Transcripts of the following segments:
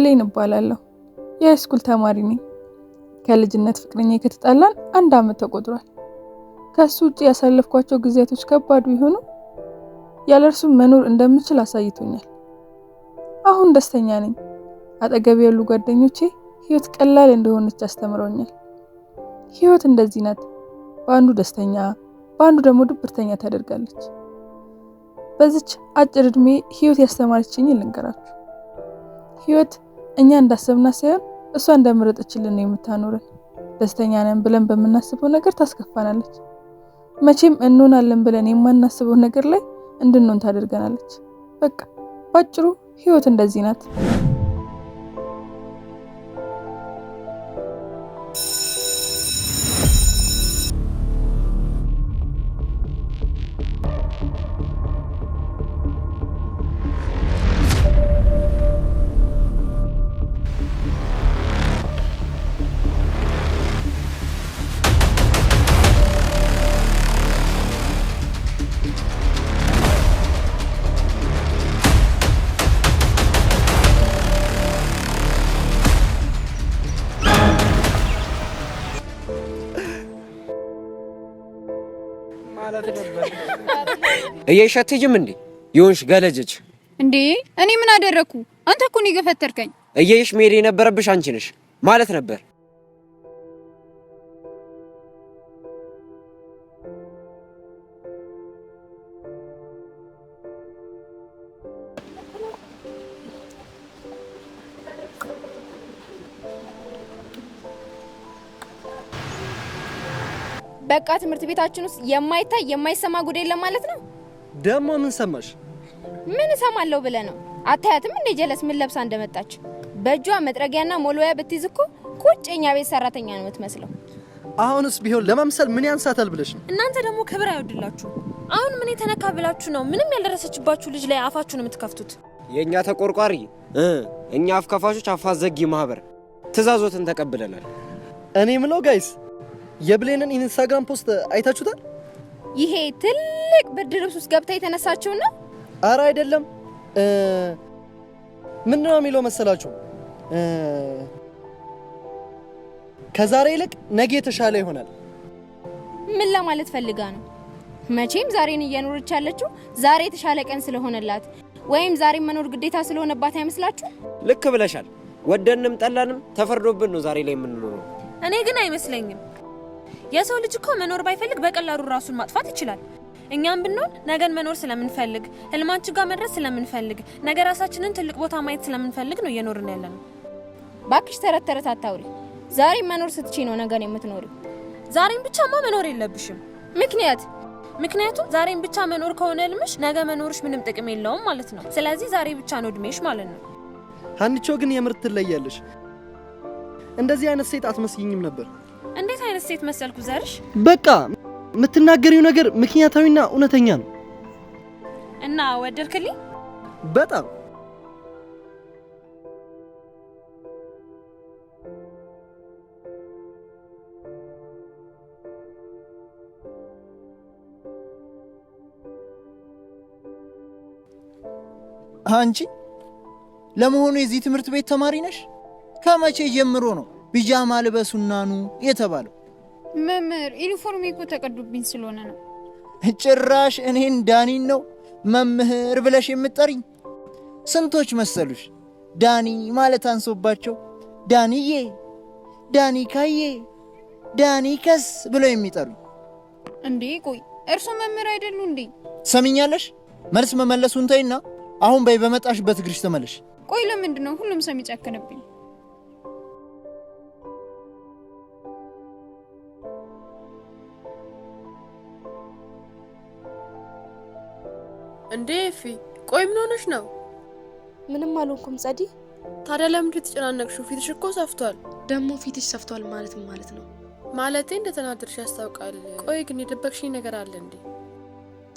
ብሌን እባላለሁ። የሃይስኩል ተማሪ ነኝ። ከልጅነት ፍቅረኛ ከተጣላን አንድ ዓመት ተቆጥሯል። ከሱ ውጭ ያሳለፍኳቸው ጊዜያቶች ከባድ ቢሆኑ ያለ እርሱ መኖር እንደምችል አሳይቶኛል። አሁን ደስተኛ ነኝ። አጠገብ ያሉ ጓደኞቼ ህይወት ቀላል እንደሆነች አስተምረውኛል። ህይወት እንደዚህ ናት። በአንዱ ደስተኛ፣ በአንዱ ደግሞ ድብርተኛ ታደርጋለች። በዚች አጭር ዕድሜ ህይወት ያስተማረችኝ ልንገራችሁ። ህይወት እኛ እንዳሰብናት ሳይሆን እሷ እንደመረጠችልን ነው የምታኖረን። ደስተኛ ነን ብለን በምናስበው ነገር ታስከፋናለች። መቼም እንሆናለን ብለን የማናስበው ነገር ላይ እንድንሆን ታደርገናለች። በቃ ባጭሩ ህይወት እንደዚህ ናት። እየሸትጅም እንዴ ይሁንሽ ገለጀች እንዴ እኔ ምን አደረኩ? አንተ እኮ ነው የገፈተርከኝ። እየሽ መሄድ የነበረብሽ አንቺ ነሽ ማለት ነበር። በቃ ትምህርት ቤታችን ውስጥ የማይታይ የማይሰማ ጉድ የለም ማለት ነው። ደግሞ ምን ሰማሽ? ምን እሰማለሁ ብለህ ነው? አታያትም ምን ጀለስ ምን ለብሳ እንደመጣች በእጇ መጥረጊያና ሞልወያ ብትይዝ እኮ ቁጭ ቤት ሰራተኛ ነው የምትመስለው። አሁንስ ቢሆን ለመምሰል ምን ያንሳታል ብለሽ ነው? እናንተ ደግሞ ክብር አይወድላችሁ። አሁን ምን የተነካ ብላችሁ ነው ምንም ያልደረሰችባችሁ ልጅ ላይ አፋችሁን የምትከፍቱት? የእኛ ተቆርቋሪ እኛ አፍካፋሾች አፋዘጊ ማህበር ትእዛዞትን ተቀብለናል። እኔ ምለው ጋይስ የብሌንን ኢንስታግራም ፖስት አይታችሁታል? ይሄ ትልቅ ብርድ ልብስ ውስጥ ገብታ የተነሳችው ነው። አረ አይደለም። ነው የሚለው መሰላችሁ? ከዛሬ ይልቅ ነገ የተሻለ ይሆናል። ምን ለማለት ፈልጋ ነው? መቼም ዛሬን እየኖረች ያለችው ዛሬ የተሻለ ቀን ስለሆነላት ወይም ዛሬ መኖር ግዴታ ስለሆነባት አይመስላችሁ? ልክ ብለሻል። ወደንም ጠላንም ተፈርዶብን ነው ዛሬ ላይ የምንኖረው። እኔ ግን አይመስለኝም የሰው ልጅ እኮ መኖር ባይፈልግ በቀላሉ ራሱን ማጥፋት ይችላል። እኛም ብንሆን ነገን መኖር ስለምንፈልግ፣ ህልማችን ጋር መድረስ ስለምንፈልግ፣ ነገ ራሳችንን ትልቅ ቦታ ማየት ስለምንፈልግ ነው እየኖርን ያለ ነው። ባክሽ ተረት ተረት አታውሪ። ዛሬ መኖር ስትቺ ነው ነገን የምትኖሪው። ዛሬም ብቻማ መኖር የለብሽም። ምክንያት ምክንያቱም ዛሬም ብቻ መኖር ከሆነ ህልምሽ፣ ነገ መኖርሽ ምንም ጥቅም የለውም ማለት ነው። ስለዚህ ዛሬ ብቻ ነው እድሜሽ ማለት ነው። ሀንቾ ግን የምር ትለያለሽ። እንደዚህ አይነት ሴት አትመስይኝም ነበር። አይነት ሴት መሰልኩ ዘርሽ? በቃ የምትናገሪው ነገር ምክንያታዊና እውነተኛ ነው። እና ወደድክልኝ? በጣም አንቺ ለመሆኑ የዚህ ትምህርት ቤት ተማሪ ነሽ? ከመቼ ጀምሮ ነው ቢጃማ ልበሱና ኑ የተባለው? መምህር ዩኒፎርም እኮ ተቀዱብኝ ስለሆነ ነው። ጭራሽ እኔን ዳኒን ነው መምህር ብለሽ የምጠሪኝ? ስንቶች መሰሉሽ ዳኒ ማለት አንሶባቸው ዳኒዬ፣ ዳኒ ካዬ ዳኒ ከስ ብለው የሚጠሩኝ። እንዴ ቆይ እርሶ መምህር አይደሉ እንዴ? ሰሚኛለሽ? መልስ መመለሱን ተይና አሁን በይ በመጣሽበት እግርሽ ተመለሽ። ቆይ ለምንድን ነው ሁሉም ሰው የሚጨክንብኝ? እንዴ ቆይ ምን ሆነሽ ነው? ምንም አልሆንኩም ጸዲ። ታዲያ ለምንድ የተጨናነቅሽው? ፊትሽ እኮ ሰፍቷል። ደግሞ ፊትሽ ሰፍቷል ማለት ምን ማለት ነው? ማለቴ እንደተናደድሽ ያስታውቃል። ቆይ ግን የደበቅሽኝ ነገር አለ እንዴ?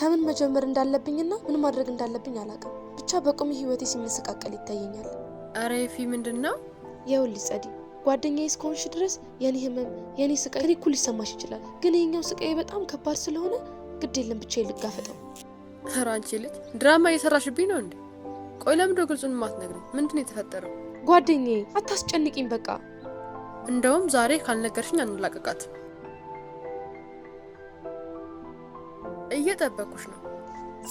ከምን መጀመር እንዳለብኝና ምን ማድረግ እንዳለብኝ አላቅም? ብቻ በቁም ህይወቴ ሲመሰቃቀል ይታየኛል። አረ ኤፊ፣ ምንድን ነው? ይኸውልሽ ጸዲ ጓደኛዬ እስከሆንሽ ድረስ የኔ ህመም የኔ ስቃይ እኩል ሊሰማሽ ይችላል። ግን የኛው ስቃይ በጣም ከባድ ስለሆነ ግድ የለም ብቻ ልጋፈጠው። ኧረ አንቺ ልጅ ድራማ እየሰራሽብኝ ነው እንዴ? ቆይ ለምዶ ግልጹን ማትነግሪኝ? ምንድን ነው የተፈጠረው? ጓደኛዬ አታስጨንቂኝ። በቃ እንደውም ዛሬ ካልነገርሽኝ አንላቀቃት። እየጠበኩሽ ነው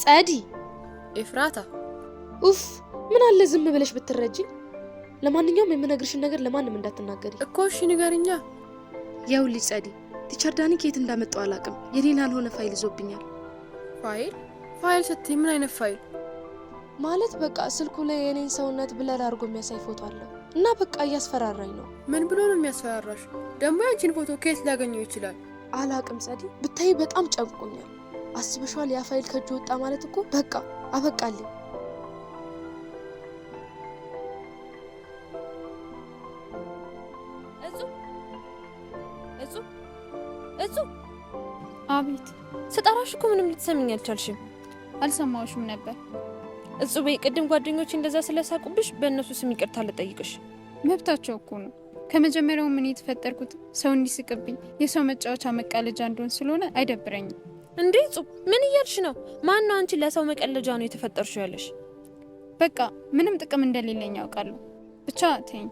ጸዲ። ኤፍራታ ኡፍ፣ ምን አለ ዝም ብለሽ ብትረጅኝ። ለማንኛውም የምነግርሽን ነገር ለማንም እንዳትናገሪ እኮ እሺ? ንገርኛ። ያው ጸዲ፣ ቲቸር ዳኒ ከየት እንዳመጣው አላቅም የኔን ያልሆነ ፋይል ይዞብኛል። ፋይል ፋይል ስትይ ምን አይነት ፋይል? ማለት በቃ ስልኩ ላይ የኔን ሰውነት ብለር አድርጎ የሚያሳይ ፎቶ አለው እና በቃ እያስፈራራኝ ነው። ምን ብሎ ነው የሚያስፈራራሽ? ደግሞ ያንቺን ፎቶ ከየት ሊያገኘው ይችላል? አላቅም ጸዲ፣ ብታይ በጣም ጨንቆኛል። አስበሽዋል? ያ ፋይል ከእጅ ወጣ ማለት እኮ በቃ አበቃልኝ። አቤት ስጠራሽ እኮ ምንም ልትሰምኝ አልቻልሽም። አልሰማዎሽም ነበር። እጹቤ፣ ቅድም ጓደኞች እንደዛ ስለሳቁብሽ በእነሱ ስም ይቅርታ ልጠይቅሽ። መብታቸው እኮ ነው። ከመጀመሪያው ምን የተፈጠርኩት ሰው እንዲስቅብኝ የሰው መጫወቻ መቃለጃ እንደሆን ስለሆነ አይደብረኝም። እንዴ እጹ ምን እያልሽ ነው? ማን ነው አንቺ ለሰው መቀለጃ ነው የተፈጠርሽው ያለሽ? በቃ ምንም ጥቅም እንደሌለኝ ያውቃሉ። ብቻ ተኝ።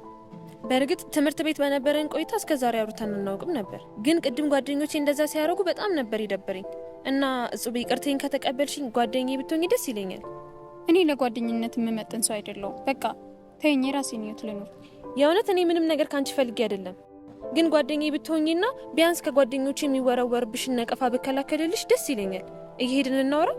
በእርግጥ ትምህርት ቤት በነበረን ቆይታ እስከዛሬ አውርተን እናውቅም ነበር፣ ግን ቅድም ጓደኞቼ እንደዛ ሲያደርጉ በጣም ነበር ይደብረኝ። እና እጹብ ይቅርቴን ከተቀበልሽኝ ጓደኝ ብትሆኝ ደስ ይለኛል። እኔ ለጓደኝነት የምመጥን ሰው አይደለሁም። በቃ ተይኝ፣ የራሴን ህይወት ልኖር። የእውነት እኔ ምንም ነገር ካንቺ ፈልጌ አይደለም፣ ግን ጓደኝ ብትሆኝና ቢያንስ ከጓደኞች የሚወረወርብሽን ነቀፋ ብከላከልልሽ ደስ ይለኛል። እየሄድን እናውራ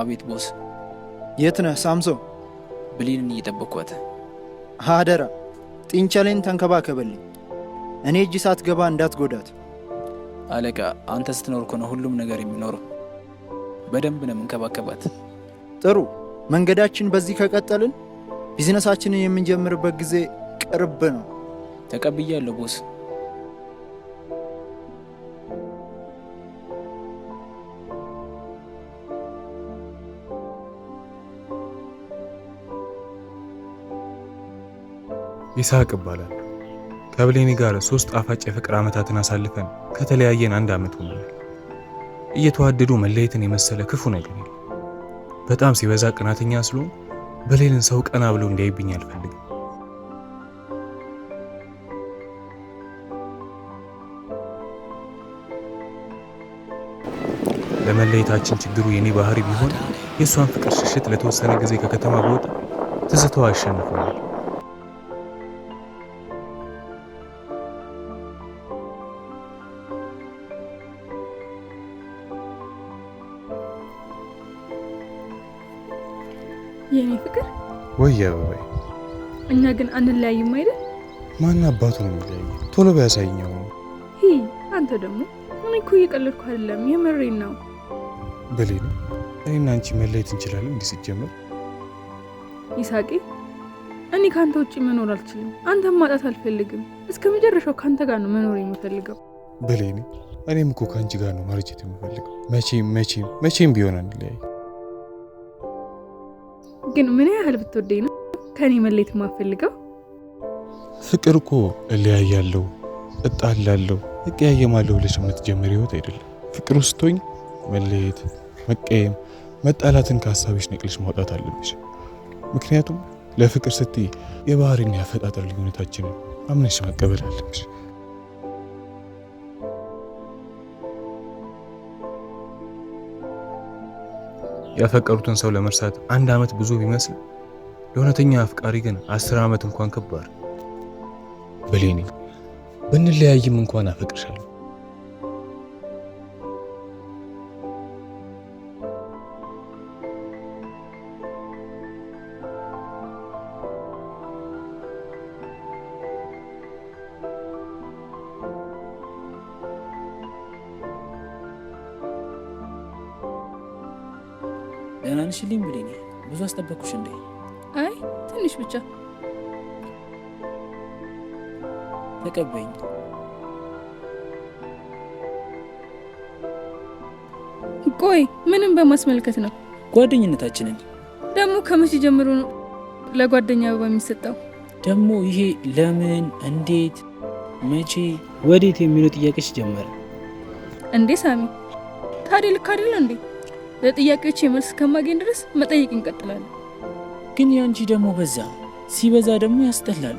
አቤት ቦስ። የት ነህ ሳምሶ? ብሌንን እየጠበቅኳት። አደራ ጢንቸሌን ተንከባከበልኝ፣ እኔ እጅ ሳትገባ እንዳትጎዳት። አለቃ፣ አንተ ስትኖር እኮ ነው ሁሉም ነገር የሚኖረው። በደንብ ነው የምንከባከባት። ጥሩ። መንገዳችን በዚህ ከቀጠልን ቢዝነሳችንን የምንጀምርበት ጊዜ ቅርብ ነው። ተቀብያለሁ ቦስ። ይስሐቅ ይባላል ከብሌኒ ጋር ሶስት ጣፋጭ የፍቅር ዓመታትን አሳልፈን ከተለያየን አንድ ዓመት ሆኖናል። እየተዋደዱ መለየትን የመሰለ ክፉ ነገር የለም። በጣም ሲበዛ ቅናተኛ ስለሆን በሌልን ሰው ቀና ብሎ እንዲያይብኝ አልፈልግም። ለመለየታችን ችግሩ የኔ ባህሪ ቢሆን የእሷን ፍቅር ሽሽት ለተወሰነ ጊዜ ከከተማ በወጣ ትዝታዋ አሸንፎናል። ወይ አበባ፣ እኛ ግን አንለያይም አይደል? ማን አባቱ ነው የሚለያየ? ቶሎ ቢያሳየው። ሂ አንተ ደግሞ ምን እኮ እየቀለድኩ አይደለም፣ የምሬን ነው። በሌላ እኔና አንቺ መለየት እንችላለን። እንዲህ ሲጀመር ይሳቄ፣ እኔ ከአንተ ውጭ መኖር አልችልም። አንተም ማጣት አልፈልግም። እስከ መጨረሻው ከአንተ ጋር ነው መኖር የምፈልገው። በሌኔ እኔም እኮ ከአንቺ ጋር ነው ማርጀት የምፈልገው። መቼም መቼም መቼም ቢሆን አንለያይ ግን ምን ያህል ብትወደኝ ነው ከኔ መለየት የማፈልገው? ፍቅር እኮ እለያያለሁ፣ እጣላለሁ፣ እቀያየማለሁ ብለሽ የምትጀምር ህይወት አይደለም። ፍቅር ውስቶኝ መለየት፣ መቀየም፣ መጣላትን ከሀሳብሽ ነቅልሽ ማውጣት አለብሽ። ምክንያቱም ለፍቅር ስትይ የባህሪና ያፈጣጠር ልዩነታችንን አምነሽ መቀበል አለብሽ። ያፈቀሩትን ሰው ለመርሳት አንድ ዓመት ብዙ ቢመስል ለእውነተኛ አፍቃሪ ግን አስር ዓመት እንኳን ከባድ። ብሌኔ ብንለያይም እንኳን አፈቅርሻለሁ ደህና ነሽልኝ ብሌኒ? ብዙ አስጠበኩሽ እንዴ? አይ ትንሽ ብቻ። ተቀበኝ ቆይ ምንም በማስመልከት ነው? ጓደኝነታችንን ደግሞ ከመቼ ጀምሮ ነው ለጓደኛ አበባ የሚሰጠው? ደግሞ ይሄ ለምን፣ እንዴት፣ መቼ፣ ወዴት የሚለው ጥያቄች ጀመረ እንዴ? ሳሚ ታዲያ ልክ አይደለ እንዴ? ለጥያቄዎች መልስ እስከማገኝ ድረስ መጠየቅ እንቀጥላለን። ግን ያንቺ ደግሞ በዛ ሲበዛ ደግሞ ያስጠላል።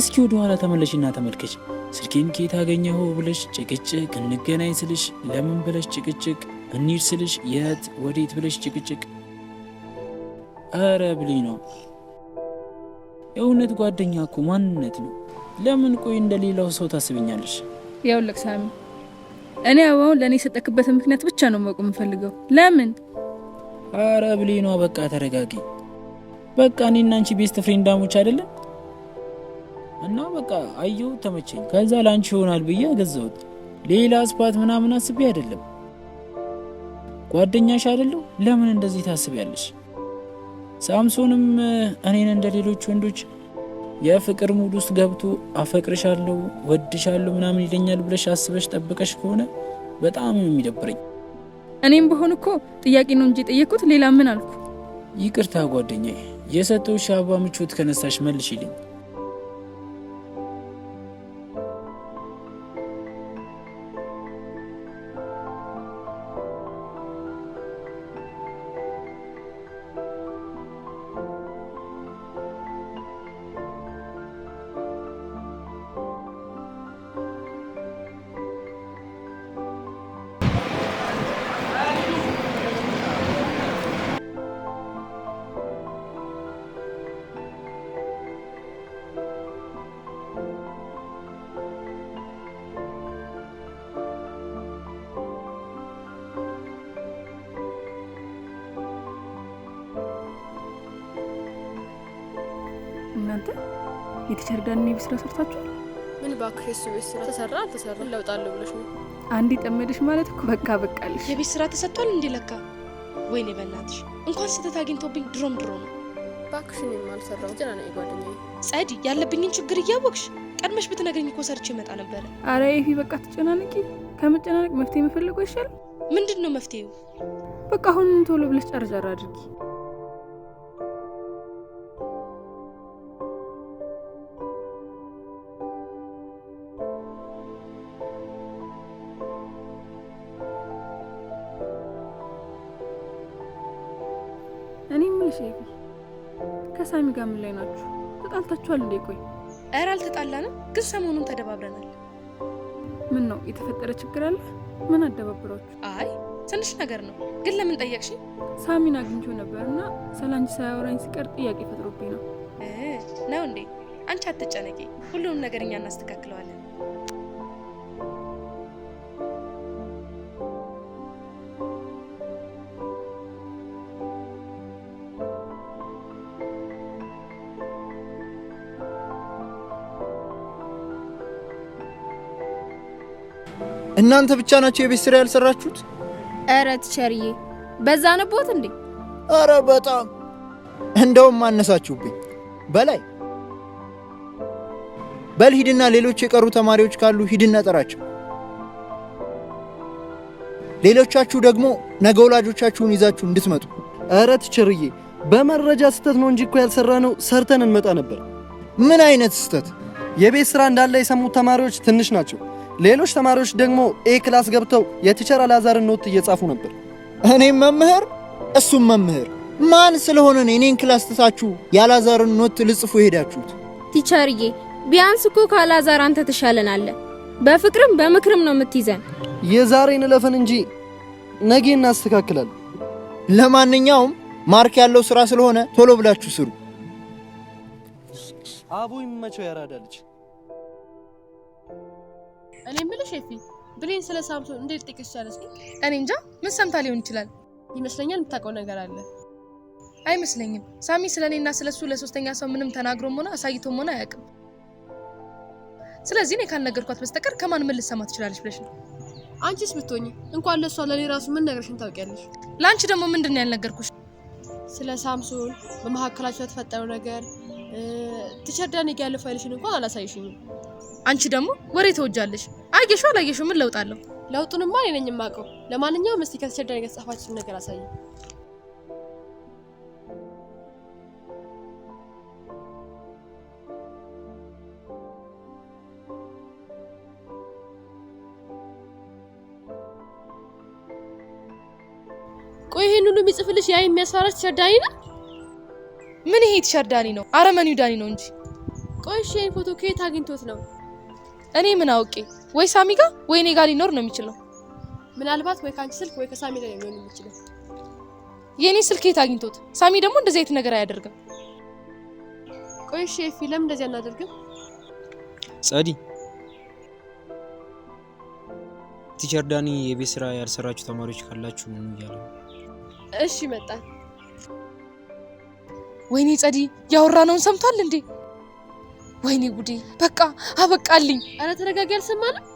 እስኪ ወደ ኋላ ተመለሽና ተመልከች። ስልኬን ከየት አገኘሁ ብለሽ ጭቅጭቅ፣ እንገናኝ ስልሽ ለምን ብለሽ ጭቅጭቅ፣ እንሂድ ስልሽ የት ወዴት ብለሽ ጭቅጭቅ። አረ ብልኝ ነው የእውነት ጓደኛ እኮ ማንነት ነው። ለምን ቆይ እንደሌላው ሰው ታስብኛለሽ? ያው ለቅሳሚ እኔ አበባውን ለእኔ የሰጠክበትን ምክንያት ብቻ ነው ማወቅ የምፈልገው። ለምን? አረ ብሌኗ፣ በቃ ተረጋጊ። በቃ እኔና አንቺ ቤስት ፍሬንዳሞች አይደለም እና በቃ አየሁ ተመቸኝ። ከዛ ለአንቺ ይሆናል ብዬ ገዛሁት። ሌላ ስፓት ምናምን አስቤ አይደለም። ጓደኛሽ አይደለሁ? ለምን እንደዚህ ታስቢያለሽ? ሳምሶንም እኔን እንደ ሌሎች ወንዶች የፍቅር ሙድ ውስጥ ገብቶ አፈቅርሻለሁ፣ ወድሻለሁ ምናምን ይለኛል ብለሽ አስበሽ ጠብቀሽ ከሆነ በጣም ነው የሚደብረኝ። እኔም በሆን እኮ ጥያቄ ነው እንጂ የጠየኩት ሌላ ምን አልኩ? ይቅርታ ጓደኛዬ፣ የሰጠው አበባ ምቾት ከነሳሽ መልሽ ይልኝ የቲቸር ጋር ነው ስራ ሰርታችኋል? ምን እባክህ፣ የሱ ቤት ስራ ተሰራ አልተሰራ ለውጣለሁ ብለሽ ነው አንድ ጠመደሽ ማለት እኮ በቃ በቃልሽ። የቤት ስራ ተሰጥቷል እንዴ? ለካ ወይኔ በእናትሽ እንኳን ስህተት አግኝቶብኝ ድሮም ድሮ ነው። ባክሽ እኔም አልሰራሁም ጀና ነው የጓደኛዬ ጸዲ። ያለብኝን ችግር እያወቅሽ ቀድመሽ ብትነግርኝ እኮ ሰርቼ ይመጣ ነበረ። አረ ይሄ በቃ ትጨናነቂ። ከመጨናነቅ መፍትሄ መፈለጉ ይሻል። ምንድን ነው መፍትሄው? በቃ አሁን ቶሎ ብለሽ ጨርጨር አድርጊ። ጋ ምን ላይ ናችሁ? ተጣልታችኋል እንዴ? ቆይ ኧረ አልተጣላንም፣ ግን ሰሞኑን ተደባብረናል። ምን ነው የተፈጠረ ችግር አለ? ምን አደባብሯችሁ? አይ ትንሽ ነገር ነው። ግን ለምን ጠየቅሽ? ሳሚን አግኝቼው ነበርና ሰላንጅ ሳያወራኝ ሲቀር ጥያቄ ፈጥሮብኝ ነው። ነው እንዴ? አንቺ አትጨነቂ፣ ሁሉንም ነገር እኛ እናስተካክለዋለን። እናንተ ብቻ ናቸው የቤት ስራ ያልሰራችሁት? ኧረ ቲቸርዬ በዛንቦት እንዴ! አረ በጣም እንደውም አነሳችሁብኝ። በላይ በል ሂድና ሌሎች የቀሩ ተማሪዎች ካሉ ሂድና ጠራቸው። ሌሎቻችሁ ደግሞ ነገ ወላጆቻችሁን ይዛችሁ እንድትመጡ። ኧረ ቲቸርዬ በመረጃ ስህተት ነው እንጂ እኮ ያልሰራ ነው ሰርተን እንመጣ ነበር። ምን አይነት ስህተት? የቤት ስራ እንዳለ የሰሙት ተማሪዎች ትንሽ ናቸው። ሌሎች ተማሪዎች ደግሞ ኤ ክላስ ገብተው የቲቸር አላዛርን ኖት እየጻፉ ነበር። እኔም መምህር እሱም መምህር ማን ስለሆነ ነው እኔን ክላስ ትታችሁ የአልዓዛርን ኖት ልጽፉ የሄዳችሁት? ቲቸርዬ ቢያንስ እኮ ካላዛር አንተ ትሻለናለህ። በፍቅርም በምክርም ነው የምትይዘን። የዛሬን እለፈን እንጂ ነገ እናስተካክላል። ለማንኛውም ማርክ ያለው ስራ ስለሆነ ቶሎ ብላችሁ ስሩ። አቡ ይመቸው። ያራዳልች እኔ የምልሽ ኤፊ ብሌን ስለ ሳምሶን እንዴት ጥቅስ ቻለች? እኔ እንጃ ምን ሰምታ ሊሆን ይችላል። ይመስለኛል የምታውቀው ነገር አለ። አይመስለኝም። ሳሚ ስለ እኔና ስለ እሱ ለሶስተኛ ሰው ምንም ተናግሮም ሆነ አሳይቶም ሆነ አያውቅም። ስለዚህ እኔ ካልነገርኳት በስተቀር ከማን ምን ልሰማ ትችላለች ብለሽ ነው? አንቺስ ብትሆኚ እንኳን ለእሷ ለእኔ ራሱ ምን ነገርሽን ታውቂያለሽ? ለአንቺ ደግሞ ምንድን ነው ያልነገርኩሽ? ስለ ሳምሶን በመካከላቸው የተፈጠረው ነገር ቲቸር ዳኔ ያለ ፋይልሽን እንኳን አላሳይሽኝም። አንቺ ደግሞ ወሬ ተወጃለሽ። አየሹ አላየሹ ምን ለውጥ አለው? ለውጡንማ እኔ ነኝ የማውቀው። ለማንኛውም እስቲ ከተቸገረኝ የተጻፋችሁትን ነገር አሳዩ። ቆይ ይሄን ሁሉ የሚጽፍልሽ ያ የሚያስፈራሽ ቲሸርት ዳኒ ነው? ምን ይሄ ቲሸርት ዳኒ ነው? አረመኒው ዳኒ ነው እንጂ። ቆይ እሺ ይሄን ፎቶ ከየት አግኝቶት ነው? እኔ ምን አውቄ? ወይ ሳሚ ጋር ወይ እኔ ጋር ሊኖር ነው የሚችለው። ምናልባት ወይ ከአንቺ ስልክ ወይ ከሳሚ ጋር ሊሆን የሚችለው። የእኔ ስልክ የት አግኝቶት? ሳሚ ደግሞ እንደዚህ አይነት ነገር አያደርግም። ቆይ እሺ ኤፊ፣ ለምን እንደዚህ አናደርግም? ጸዲ፣ ቲቸር ዳኒ የቤት ስራ ያልሰራችሁ ተማሪዎች ካላችሁ ምን እያለ እሺ፣ መጣን። ወይኔ ጸዲ፣ ያወራነውን ሰምቷል እንዴ? ወይኔ ጉዴ! በቃ አበቃልኝ። አረ ተረጋጊ፣ አልሰማንም